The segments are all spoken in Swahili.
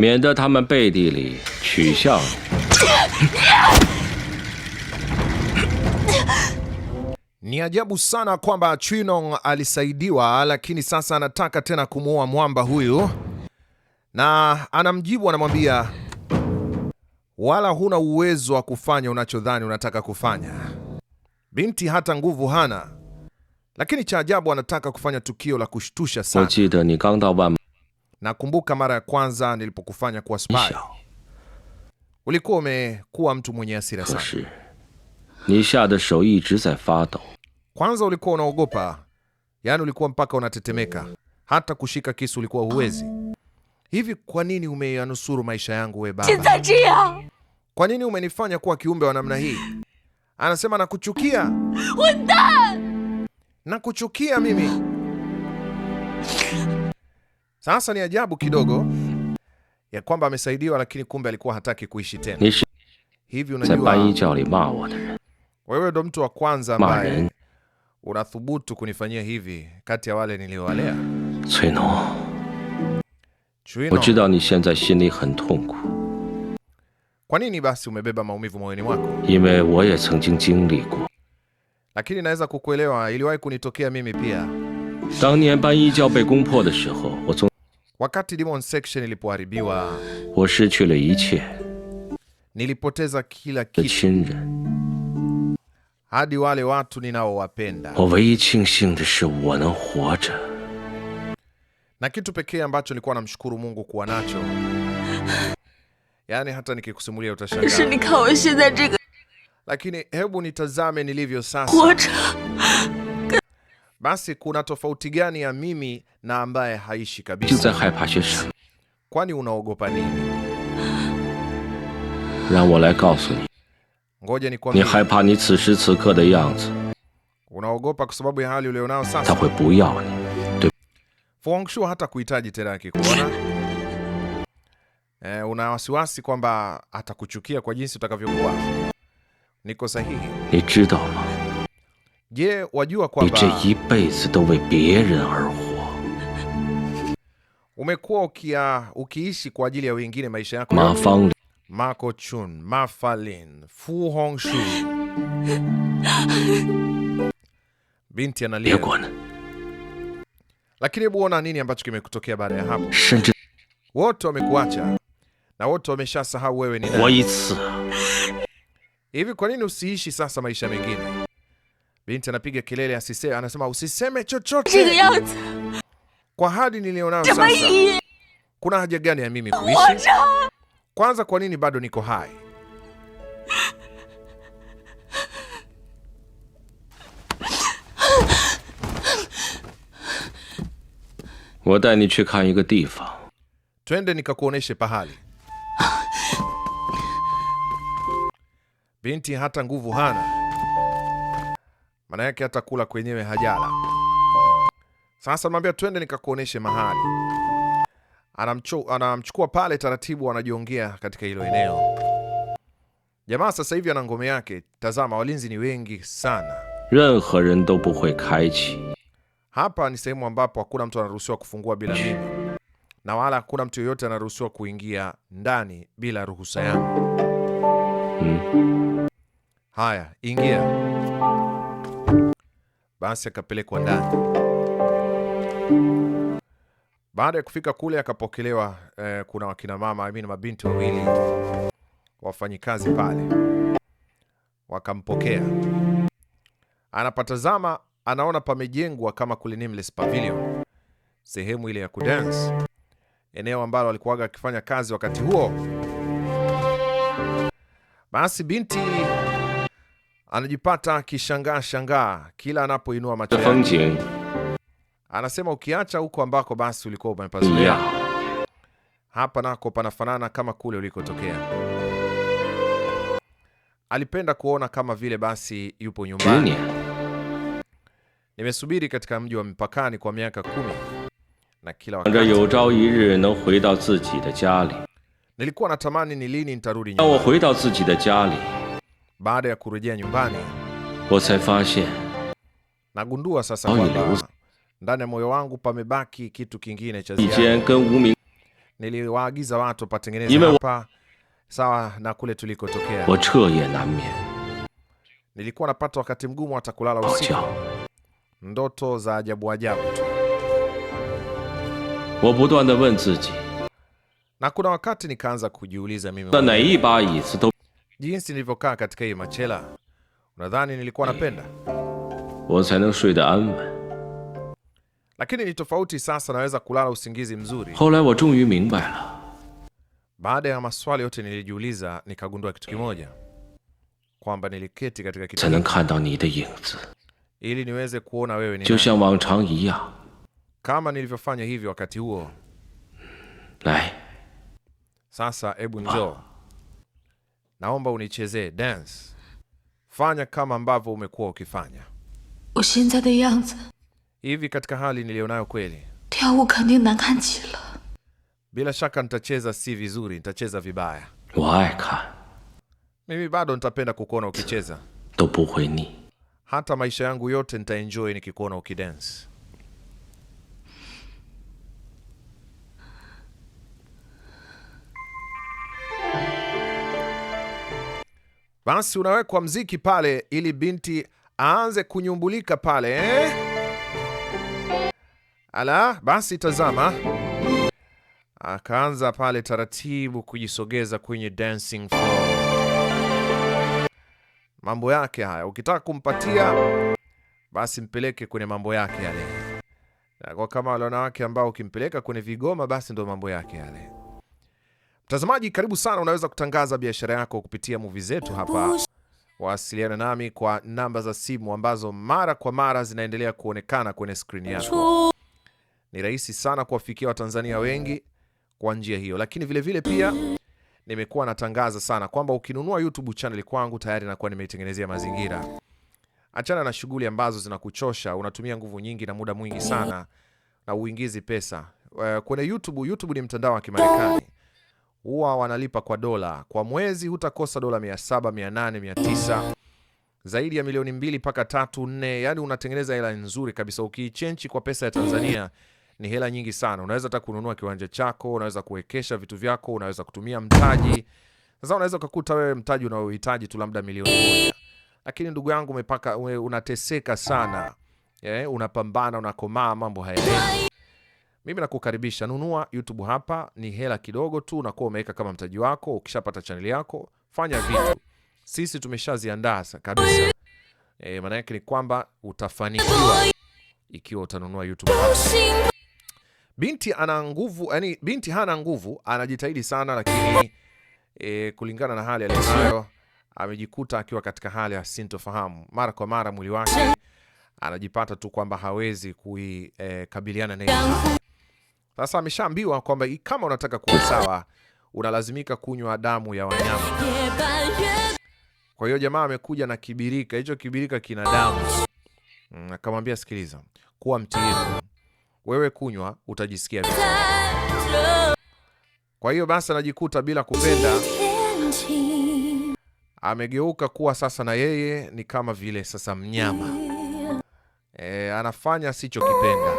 免得他们背地里取笑你。Ni ajabu sana kwamba Chinong alisaidiwa, lakini sasa anataka tena kumuua mwamba huyu, na anamjibu anamwambia, wala huna uwezo wa kufanya unachodhani unataka kufanya. Binti hata nguvu hana, lakini cha ajabu anataka kufanya tukio la kushtusha sana. Nakumbuka mara ya kwanza nilipokufanya kuwa spy, ulikuwa umekuwa mtu mwenye hasira sana. Kwanza ulikuwa unaogopa, yani ulikuwa mpaka unatetemeka, hata kushika kisu ulikuwa huwezi. Hivi kwa nini umeyanusuru maisha yangu we baba? Kwa nini umenifanya kuwa kiumbe wa namna hii? Anasema nakuchukia, nakuchukia mimi sasa ni ajabu kidogo ya kwamba amesaidiwa, lakini kumbe alikuwa hataki kuishi tena. Hivi unajua, wewe ndo mtu wa kwanza ambaye unathubutu kunifanyia hivi kati ya wale niliowalea. Kwa nini basi umebeba maumivu moyoni mwako? Lakini naweza kukuelewa, iliwahi kunitokea mimi pia. Wakati Demon Section ilipoharibiwa, nilipoteza kila kitu hadi wale watu ninaowapenda, na kitu pekee ambacho nilikuwa namshukuru Mungu kuwa nacho yani, hata nikikusimulia utashangaa, lakini hebu nitazame nilivyo sasa basi kuna tofauti gani ya mimi na ambaye haishi kabisa? Kwani unaogopa nini? Ngoja nikwambie, unaogopa kwa sababu ya hali sasa. Fu Hongxue hata kuhitaji tena akikuona. Eh, una wasiwasi kwamba atakuchukia kwa jinsi utakavyokuwa. Niko sahihi? Je, wajua kwamba umekuwa ukia ukiishi kwa ajili ya wengine maisha yako Ma Fangling, Ma Kongqun, Ma Fangling, Fu Hongxue. Binti analia. Lakini hebu ona nini ambacho kimekutokea baada ya hapo. Wote wamekuacha na wote wameshasahau wewe ni nani. Hivi kwa nini usiishi sasa maisha mengine? Binti anapiga kelele asise, anasema usiseme chochote. Kwa hadi nilionayo sasa, kuna haja gani ya mimi kuishi? Kwanza, kwa nini bado niko hai? Twende nikakuoneshe pahali. Binti hata nguvu hana maana yake hata kula kwenyewe hajala. Sasa namwambia twende nikakuoneshe mahali. Anamchukua pale taratibu, wanajiongea katika hilo eneo. Jamaa sasa hivi ana ngome yake. Tazama, walinzi ni wengi sana hapa. Ni sehemu ambapo hakuna mtu anaruhusiwa kufungua bila mimi, na wala hakuna mtu yoyote anaruhusiwa kuingia ndani bila ruhusa yangu. Hmm. Haya, ingia. Basi akapelekwa mm. ndani. Baada ya kufika kule akapokelewa eh, kuna wakina mama I mean, mabinti wawili wafanyikazi pale wakampokea. Anapatazama anaona pamejengwa kama kule Nameless Pavilion, sehemu ile ya kudance, eneo ambalo alikuwaga akifanya kazi wakati huo. Basi binti anajipata kishangaa shangaa kila anapoinua macho yake. Anasema ukiacha huko ambako basi ulikuwa umepazulia, hapa nako panafanana kama kule ulikotokea. Alipenda kuona kama vile basi yupo nyumbani. Nimesubiri katika mji wa mpakani kwa miaka kumi na kila wakati nilikuwa natamani ni lini nitarudi nyumbani. Baada ya kurejea nyumbani, nagundua sasa oh, kwamba ndani ya moyo wangu pamebaki kitu kingine cha ziada. Niliwaagiza watu patengeneze hapa sawa na kule tulikotokea. Nilikuwa napata wakati mgumu hata kulala usiku, ndoto za ajabu ajabu tu. Na kuna wakati nikaanza kujiuliza mimi jinsi nilivyokaa katika hii machela, unadhani nilikuwa napenda? Lakini ni tofauti sasa, naweza kulala usingizi mzuri. Baada ya maswali yote nilijiuliza, nikagundua kitu kimoja, kwamba niliketi katika kiti ili niweze kuona wewe ni nani, kama nilivyofanya hivyo wakati huo. Sasa hebu njoo naomba unichezee dance. Fanya kama ambavyo umekuwa ukifanya hivi. Katika hali nilionayo kweli, bila shaka nitacheza si vizuri, nitacheza vibaya. Mimi bado nitapenda kukuona ukicheza, hata maisha yangu yote nitaenjoy nikikuona ukidance. basi unawekwa mziki pale ili binti aanze kunyumbulika pale eh? Ala, basi tazama, akaanza pale taratibu kujisogeza kwenye dancing floor. Mambo yake haya, ukitaka kumpatia basi mpeleke kwenye mambo yake yale, kwa kama wale wanawake ambao ukimpeleka kwenye vigoma basi ndo mambo yake yale. Mtazamaji karibu sana, unaweza kutangaza biashara yako kupitia Muvi Zetu hapa. Wasiliana nami kwa namba za simu ambazo mara kwa mara zinaendelea kuonekana kwenye skrini yako. Ni rahisi sana kuwafikia Watanzania wengi kwa njia hiyo, lakini vilevile vile pia nimekuwa natangaza sana kwamba ukinunua YouTube channel kwangu tayari nakuwa nimeitengenezea mazingira. Achana na shughuli ambazo zinakuchosha, unatumia nguvu nyingi na muda mwingi sana na uingizi pesa eh, kwenye YouTube. YouTube ni mtandao wa Kimarekani huwa wanalipa kwa dola. Kwa mwezi hutakosa dola 700, 800, 900 zaidi ya milioni mbili mpaka tatu nne, yani unatengeneza hela nzuri kabisa. Ukiichenchi kwa pesa ya Tanzania ni hela nyingi sana. Unaweza hata kununua kiwanja chako, unaweza kuwekesha vitu vyako, unaweza kutumia mtaji. Sasa unaweza ukakuta wewe mtaji unaohitaji tu labda milioni moja, lakini ndugu yangu umepaka, unateseka sana. Yeah, unapambana unakomaa, mambo hayaendi mimi nakukaribisha, nunua YouTube hapa, ni hela kidogo tu unakuwa umeweka kama mtaji wako. Ukishapata channel yako fanya vitu, sisi tumeshaziandaa kabisa. Eh, maana yake ni kwamba utafanikiwa ikiwa utanunua YouTube. hapa. Binti ana nguvu, yani binti hana nguvu, anajitahidi sana lakini e, kulingana na hali aliyonayo amejikuta akiwa katika hali ya sintofahamu mara kwa mara, mwili wake anajipata tu kwamba hawezi kuikabiliana eh, e, na sasa ameshaambiwa kwamba kama unataka kuwa sawa unalazimika kunywa damu ya wanyama. Kwa hiyo jamaa amekuja na kibirika, hicho kibirika kina damu. Mm, akamwambia, sikiliza, kuwa mtiifu wewe, kunywa utajisikia vizuri. Kwa hiyo basi anajikuta bila kupenda amegeuka kuwa sasa na yeye ni kama vile sasa mnyama e, anafanya sichokipenda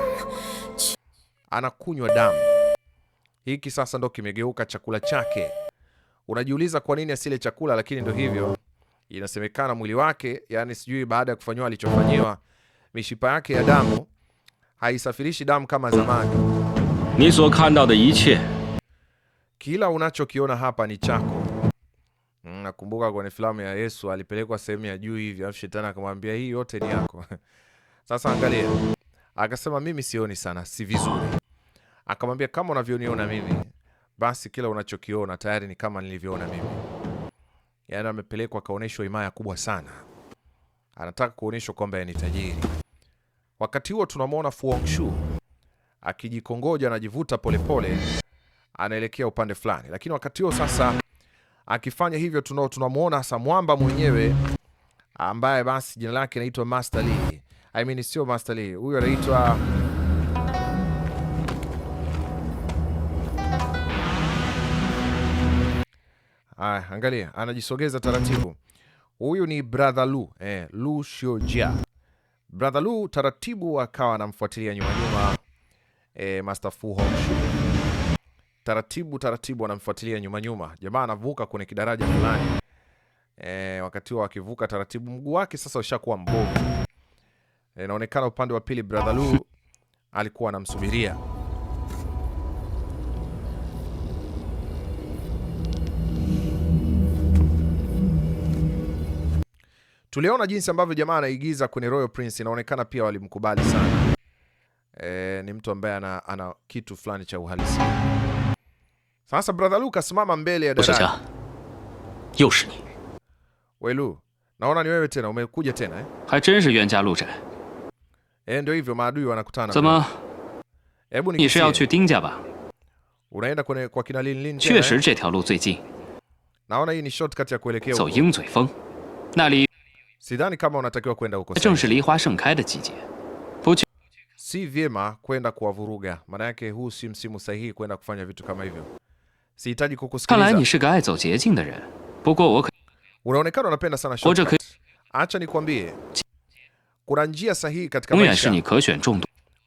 anakunywa damu. Hiki sasa ndo kimegeuka chakula chake. Unajiuliza kwa nini asile chakula, lakini ndo hivyo. Inasemekana mwili wake, yani sijui baada ya kufanyiwa alichofanyiwa, mishipa yake ya damu haisafirishi damu kama zamani. Kila unachokiona hapa ni chako. Mm, nakumbuka kwenye filamu ya Yesu alipelekwa sehemu ya juu hivi, alafu shetani akamwambia hii yote ni yako. Sasa angalia, akasema mimi sioni sana, si vizuri Akamwambia, kama unavyoniona mimi, basi kila unachokiona tayari ni kama nilivyoona mimi. Yani amepelekwa akaonyeshwa himaya kubwa sana, anataka kuonyeshwa kwamba ni tajiri. Wakati huo tunamwona Fu Hongxue akijikongoja, anajivuta polepole, anaelekea upande fulani, lakini wakati huo sasa akifanya hivyo, tunamwona hasa mwamba mwenyewe ambaye basi jina lake inaitwa Master Li. I mean, sio Master Li, huyo anaitwa Aya, angalia anajisogeza taratibu. Huyu ni brother Lu, eh, Lu Xiojia. Brother Lu taratibu akawa anamfuatilia nyuma nyuma, eh, Master Fu Hongxue. Taratibu taratibu anamfuatilia nyuma nyuma. Jamaa anavuka kwenye kidaraja fulani. Eh, wakati huo akivuka taratibu mguu wake sasa ushakuwa mbovu. Eh, inaonekana upande wa pili brother Lu alikuwa anamsubiria. Tuliona jinsi ambavyo jamaa anaigiza kwenye Royal Prince, inaonekana pia walimkubali sana. E, ni mtu ambaye ana, ana kitu fulani cha uhalisia. Sasa brother Luka, simama mbele ya daraja. Welu, naona ni wewe tena, umekuja tena eh? E, ndio hivyo maadui wanakutana. Zama. Hebu nikisie. Unaenda kwenye kwa kina Lin Lin tena. Eh? Naona hii ni shortcut ya kuelekea huko. Sidhani kama unatakiwa kwenda huko si vyema kwenda kuwavuruga, maana yake huu si msimu sahihi kwenda kufanya vitu kama hivyo. Sihitaji kukusikiliza. Unaonekana unapenda sana shortcut. Acha nikwambie, kuna njia sahihi katika maisha.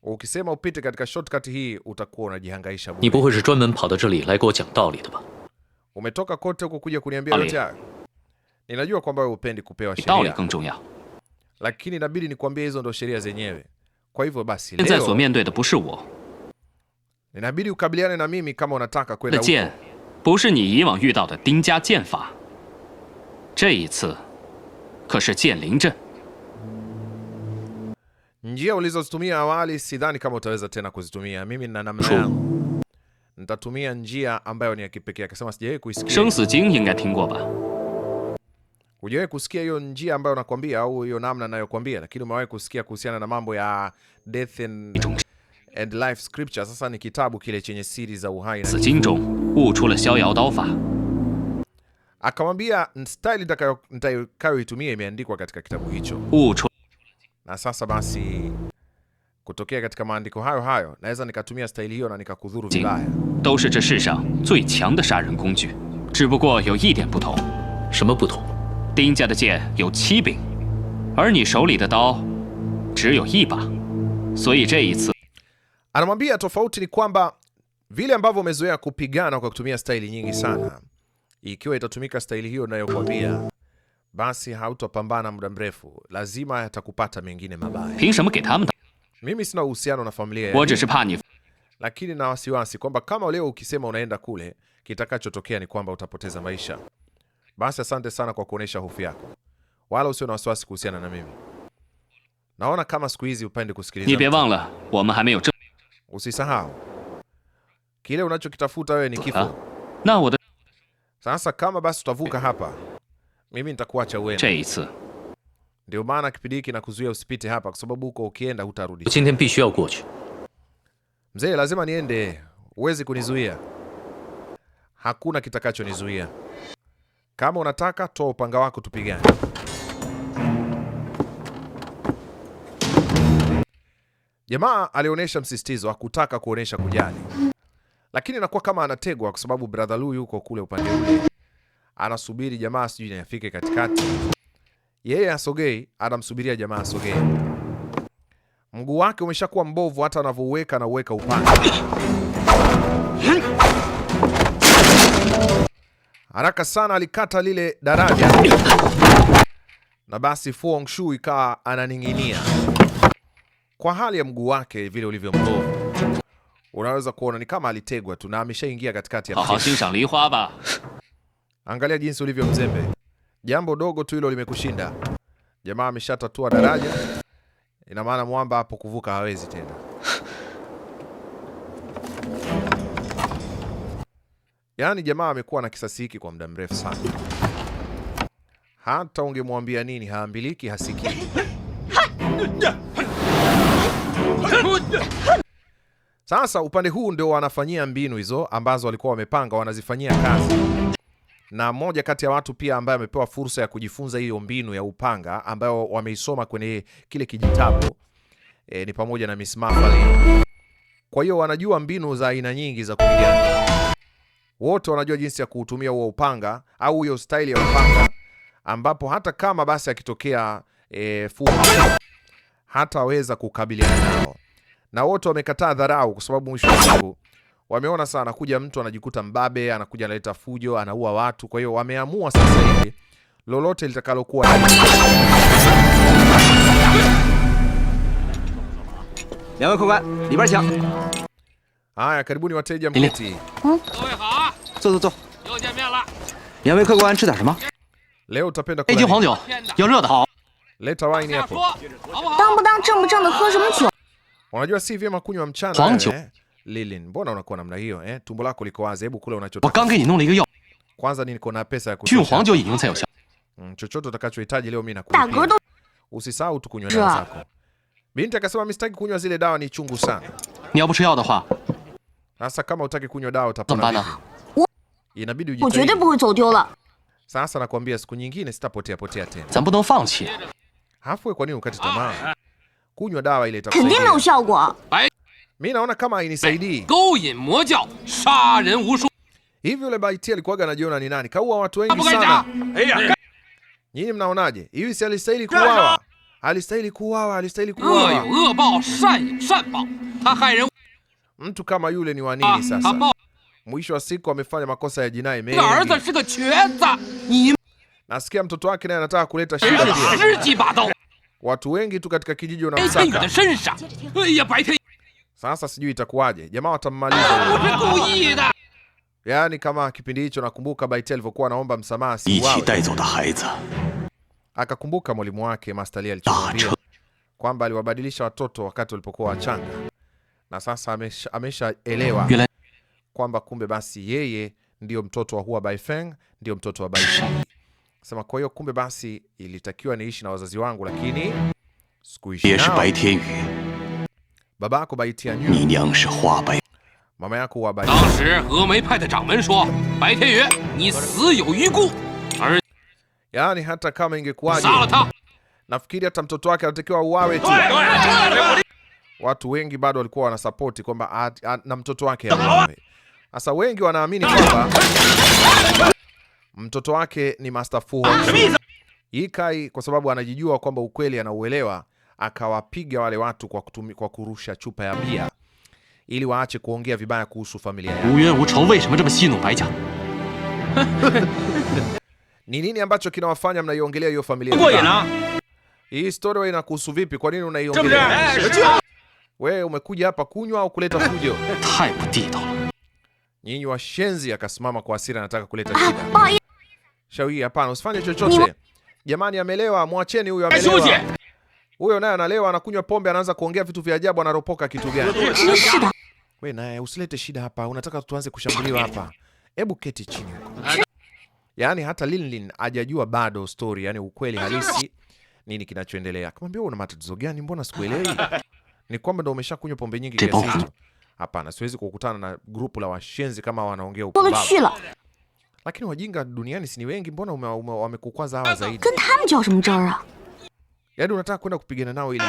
Ukisema upite katika shortcut hii utakuwa unajihangaisha bure. Umetoka kote huko kuja kuniambia yote haya. Ninajua kwamba wewe upendi kupewa sheria, lakini inabidi nikwambie hizo ndo sheria zenyewe. Kwa hivyo basi leo inabidi ukabiliane na mimi kama unataka kwenda huko. Njia ulizozitumia awali sidhani kama utaweza tena kuzitumia. Mimi nina namna yangu, nitatumia njia ambayo ni ya kipekee. Akasema sijawahi kuisikia. Shengsi Jing inga ba Hujawahi kusikia hiyo njia ambayo nakwambia au hiyo namna nayokwambia, lakini umewahi kusikia kuhusiana na mambo ya death and, and life scripture. Sasa ni kitabu kile chenye siri za uhai na akamwambia staili nitakayoitumia imeandikwa katika kitabu hicho. Na sasa basi, kutokea katika maandiko hayo hayo, naweza nikatumia staili hiyo na nikakudhuru vibaya. zhe shi shang zui qiang de sha ren zhi bu guo you yi dian bu tong bu tong 丁家的剑有七柄，而你手里的刀只有一把，所以这一次，anamwambia tofauti ni kwamba vile ambavyo umezoea kupigana kwa kutumia staili nyingi sana, ikiwa itatumika staili hiyo nayokwambia, basi hautopambana muda mrefu, lazima yatakupata mengine mabaya. Mimi sina uhusiano na familia lakini na wasiwasi kwamba kama leo ukisema unaenda kule, kitakachotokea ni kwamba utapoteza maisha. Basi asante sana kwa kuonyesha hofu yako, wala usio na wasiwasi kuhusiana na mimi. Naona kama siku hizi upende kusikiliza. Usisahau kile unachokitafuta wewe ni kifo. Sasa kama basi tutavuka hapa, mimi nitakuacha uende. Ndio maana kipindi hiki nakuzuia usipite hapa, kwa sababu huko ukienda hutarudi. Mzee, lazima niende, huwezi kunizuia, hakuna kitakachonizuia. Kama unataka toa upanga wako tupigane. Jamaa alionyesha msisitizo, hakutaka kuonyesha kujali, lakini inakuwa kama anategwa, kwa sababu brother lu yuko kule upande ule, anasubiri jamaa sijui afike katikati, yeye asogei, anamsubiria jamaa asogee. Mguu wake umeshakuwa mbovu, hata anavyouweka na uweka haraka sana alikata lile daraja na basi Fu Hongxue ikawa ananing'inia kwa hali ya mguu wake vile ulivyo mbovu, unaweza kuona ni kama alitegwa tu na ameshaingia katikati ya mti. Angalia jinsi ulivyo mzembe, jambo dogo tu hilo limekushinda. Jamaa ameshatatua daraja, ina maana mwamba hapo kuvuka hawezi tena. Yaani jamaa amekuwa na kisasi hiki kwa muda mrefu sana, hata ungemwambia nini haambiliki, hasikii. Sasa upande huu ndio wanafanyia mbinu hizo ambazo walikuwa wamepanga, wanazifanyia kazi. Na mmoja kati ya watu pia ambaye amepewa fursa ya kujifunza hiyo mbinu ya upanga ambayo wameisoma kwenye kile kijitabu e, ni pamoja na Miss Kwa hiyo wanajua mbinu za aina nyingi za kupigana wote wanajua jinsi ya kuutumia huo upanga au hiyo staili ya upanga, ambapo hata kama basi akitokea e, hata hataweza kukabiliana nao, na wote wamekataa dharau, kwa sababu mwisho wa siku wameona sana, anakuja mtu anajikuta mbabe, anakuja analeta fujo, anaua watu. Kwa hiyo wameamua sasa hivi lolote litakalokuwa haya. Karibuni wateja mketi. 走走走。又见面了。两位客官吃点什么？Leo tapenda 北京黄酒，要热的好。Leta wine hapo. 当不当正不正的喝什么酒？Unajua si vyema kunywa mchana. 黄酒。Lilin, eh? mbona unakuwa namna hiyo eh? Tumbo lako liko wazi, hebu kula unachotaka. 我刚给你弄了一个药。Kwanza niko na pesa ya kutosha. 黄酒饮用才有效。Mm, chochote utakachohitaji leo mimi nakupa. Usisahau tu kunywa dawa zako. Binti akasema mistaki kunywa zile dawa ni chungu sana. 你要不吃药的话，sasa kama utaki kunywa dawa utapona vipi? inabidi ujitahidi. Sasa nakwambia siku nyingine sitapotea potea tena. Hafu kwa nini ukate tamaa? Kunywa dawa ile itakusaidia. Mimi naona kama hainisaidii. Hivi yule Bai Tianyu alikuwaga anajiona ni nani? Kaua watu wengi sana. Nyinyi mnaonaje? Hivi si alistahili kuuawa? Alistahili kuuawa, alistahili kuuawa. Mtu kama yule ni wa nini sasa? mwisho wa siku amefanya makosa ya jinai mengi. Nasikia mtoto wake naye anataka kuleta shida Watu wengi tu katika kijiji wanamsaka. Sasa sijui itakuwaje, jamaa watammaliza. Ah, yaani kama kipindi hicho nakumbuka Baite alivyokuwa anaomba msamaha si wawe. Akakumbuka mwalimu wake Master Li alichomwambia kwamba aliwabadilisha watoto wakati walipokuwa wachanga na sasa ameshaelewa amesha kwamba kumbe basi yeye ndio mtoto wa Hua Baifeng, ndio mtoto wa Baishi. Sema kwa hiyo kumbe basi ilitakiwa niishi na wazazi wangu, lakini sikuishi nao. Baba yako Bai Tianyu, mama yako Hua Bai. pai ni si yu gu, Yani hata kama ingekuwaje, nafikiri hata mtoto wake anatakiwa uawe tu. Watu wengi bado walikuwa wanasapoti kwamba na mtoto wake sasa wengi wanaamini kwamba mtoto wake ni Master Fu Ye Kai, kwa sababu anajijua kwamba ukweli anauelewa, akawapiga wale watu kwa, kutumi, kwa kurusha chupa ya bia ili waache kuongea vibaya kuhusu familia yake. Ni nini ambacho kinawafanya mnaiongelea hiyo familia? Hii story inakuhusu vipi? Kwa nini unaiongelea? Wewe umekuja hapa kunywa au kuleta fujo? Nyinyi washenzi! Akasimama kwa hasira, anataka kuleta ah, shida. Ah, Shauri hapana, usifanye chochote jamani. Amelewa, mwacheni huyo, amelewa huyo, naye analewa, anakunywa pombe, anaanza kuongea vitu vya ajabu. Anaropoka kitu gani? We naye usilete shida hapa, unataka tuanze kushambuliwa hapa? Hebu keti chini huko. Yaani hata Linlin hajajua bado story, yani ukweli halisi nini kinachoendelea. Akamwambia una matatizo gani? Mbona sikuelewi? Ni kwamba ndo umeshakunywa pombe nyingi kiasi hicho. Hapana, siwezi kukutana na grupu la washenzi kama wanaongea upumbavu. Lakini wajinga duniani si ni wengi, mbona wamekukwaza hawa zaidi? Yaani unataka kwenda kupigana nao ili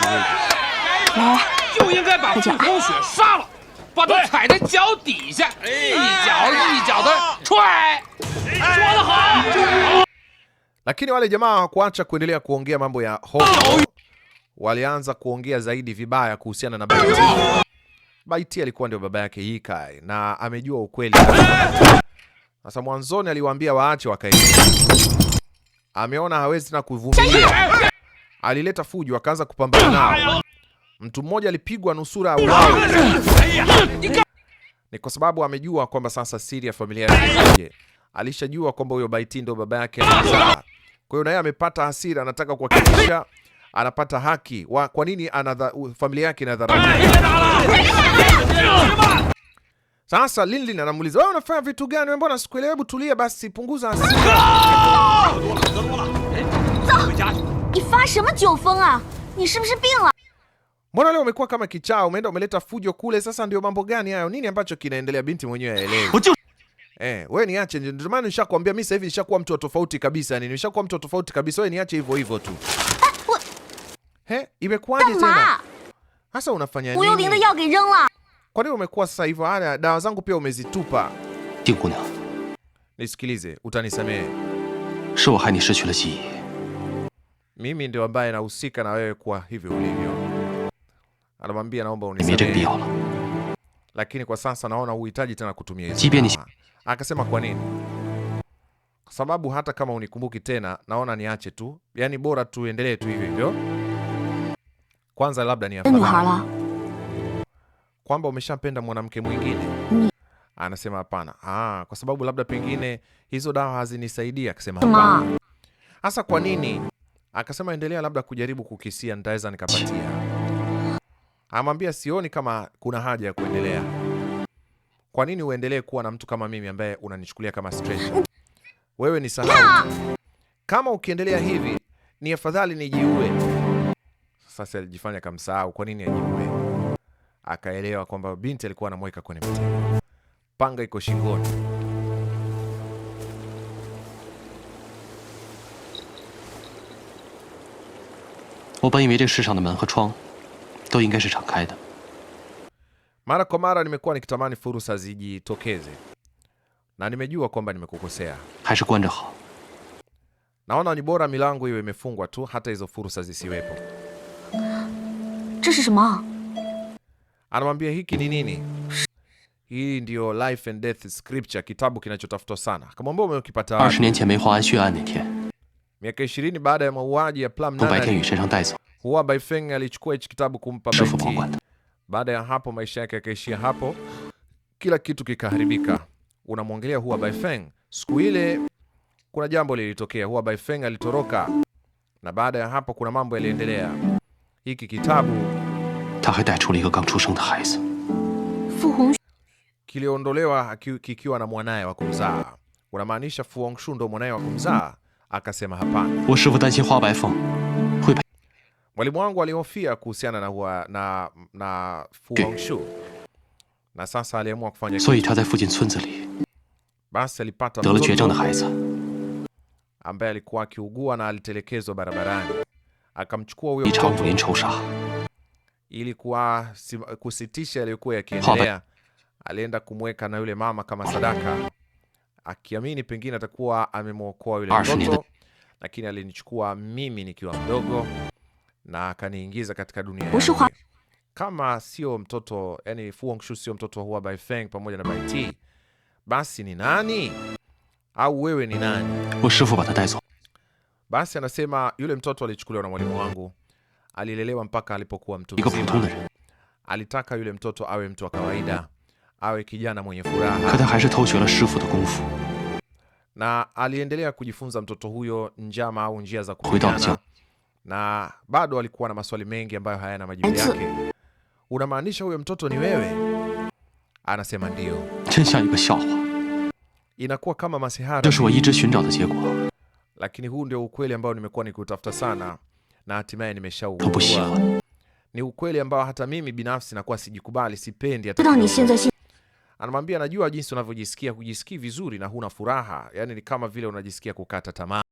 Lakini wale jamaa hawakuacha kuendelea kuongea mambo ya hofu. Walianza kuongea zaidi vibaya kuhusiana na Baiti alikuwa ndio baba yake Yikai na amejua ukweli. Sasa mwanzoni aliwaambia waache wakae. Ameona hawezi tena kuvumilia. Alileta fujo akaanza kupambana nao. Mtu mmoja alipigwa nusura auawe. Ni kwa sababu amejua kwamba sasa siri ya familia yake. Alishajua kwamba huyo Baiti ndio baba yake. Kwa hiyo naye amepata hasira, anataka kuhakikisha anapata haki wa, kwa nini anadha, familia yake inadharauliwa? Sasa Linlin anamuuliza wewe, unafanya vitu gani? Mbona sikuelewi? Hebu tulia basi, punguza Mbona leo umekuwa kama kichaa, umeenda umeleta fujo kule. Sasa ndio mambo gani hayo? Nini ambacho kinaendelea? Binti mwenyewe haelewi. Eh, we niache, ndio maana nishakwambia mi sahivi nishakuwa mtu wa tofauti kabisa. Yaani, nishakuwa mtu wa tofauti kabisa, wewe niache hivyo hivyo tu. Eh, He, imekuwaje tena? Hasa unafanya nini? Huyo Linda yao gerengla. Kwa nini umekuwa sasa hivyo? Ana dawa zangu pia umezitupa. Tinguna. Nisikilize, utanisamehe. Sio hani shichu la ji. Mimi ndio ambaye nahusika na wewe kwa hivyo ulivyo. Anamwambia naomba unisamehe. Lakini kwa sasa naona huhitaji tena kutumia hizo. Akasema kwa nini? Kwa sababu hata kama unikumbuki tena, naona niache tu. Yaani bora tuendelee tu hivyo hivyo. Kwanza labda ni yaani kwamba umeshampenda mwanamke mwingine. Anasema hapana. Ah, kwa sababu labda pengine hizo dawa hazinisaidia. Akasema hapana. Hasa kwa nini? Akasema endelea labda kujaribu kukisia, nitaweza nikapatia. Amwambia sioni kama kuna haja ya kuendelea. Kwa nini uendelee kuwa na mtu kama mimi ambaye unanichukulia kama stranger? Wewe ni sahau. Kama ukiendelea hivi ni afadhali nijiue. Sasa alijifanya kamsahau kwa nini ajibue. akaelewa kwamba binti alikuwa anamweka kwenye mtego. Panga iko shingoni. Mara kwa mara nimekuwa nikitamani fursa zijitokeze, na nimejua kwamba nimekukosea. Naona ni bora milango iwe imefungwa tu, hata hizo fursa zisiwepo. 这是什么？Anamwambia hiki ni nini? Hii ndio Life and Death Scripture, kitabu kinachotafutwa sana. Akamwambia umekipata wapi? Miaka 20 baada ya mauaji ya Plum Nana, Baifeng alichukua hichi kitabu kumpa Bai Baada ya hapo maisha yake yakaishia hapo, kila kitu kikaharibika. Unamwongelea Hua Baifeng, siku ile kuna jambo lilitokea. Hua Baifeng alitoroka na baada ya hapo kuna mambo yaliendelea hiki kitabu kiliondolewa kikiwa na mwanaye wa kumzaa. Unamaanisha Fu Hongxue ndo mwanaye wa kumzaa? Akasema hapana, mwalimu wangu alihofia kuhusiana na, na, na Fu Hongxue na sasa aliamua kufanya basi alipata ambaye alikuwa akiugua na alitelekezwa barabarani akamchukua huyo ili kusitisha yaliyokuwa yakiendelea. Alienda kumweka na yule mama kama sadaka, akiamini pengine atakuwa amemwokoa yule mtoto, lakini alinichukua mimi nikiwa mdogo na akaniingiza katika dunia yake. Kama sio mtoto, yani Fu Hongxue sio mtoto wa Hua Baifeng pamoja na Bai Ti, basi ni nani? Au wewe ni nani? Basi anasema yule mtoto alichukuliwa na mwalimu wangu, alilelewa mpaka alipokuwa mtu mzima. Alitaka yule mtoto awe mtu wa kawaida, awe kijana mwenye furaha, na aliendelea kujifunza mtoto huyo njama au njia za kupigana, na bado alikuwa na maswali mengi ambayo hayana majibu yake. Unamaanisha huyo mtoto ni wewe? Anasema ndio. Inakuwa kama masihara lakini huu ndio ukweli ambao nimekuwa nikiutafuta sana na hatimaye nimeshaugundua. Ni ukweli ambao hata mimi binafsi nakuwa sijikubali, sipendi hata. Anamwambia, najua jinsi unavyojisikia, hujisikii vizuri na huna furaha, yani ni kama vile unajisikia kukata tamaa.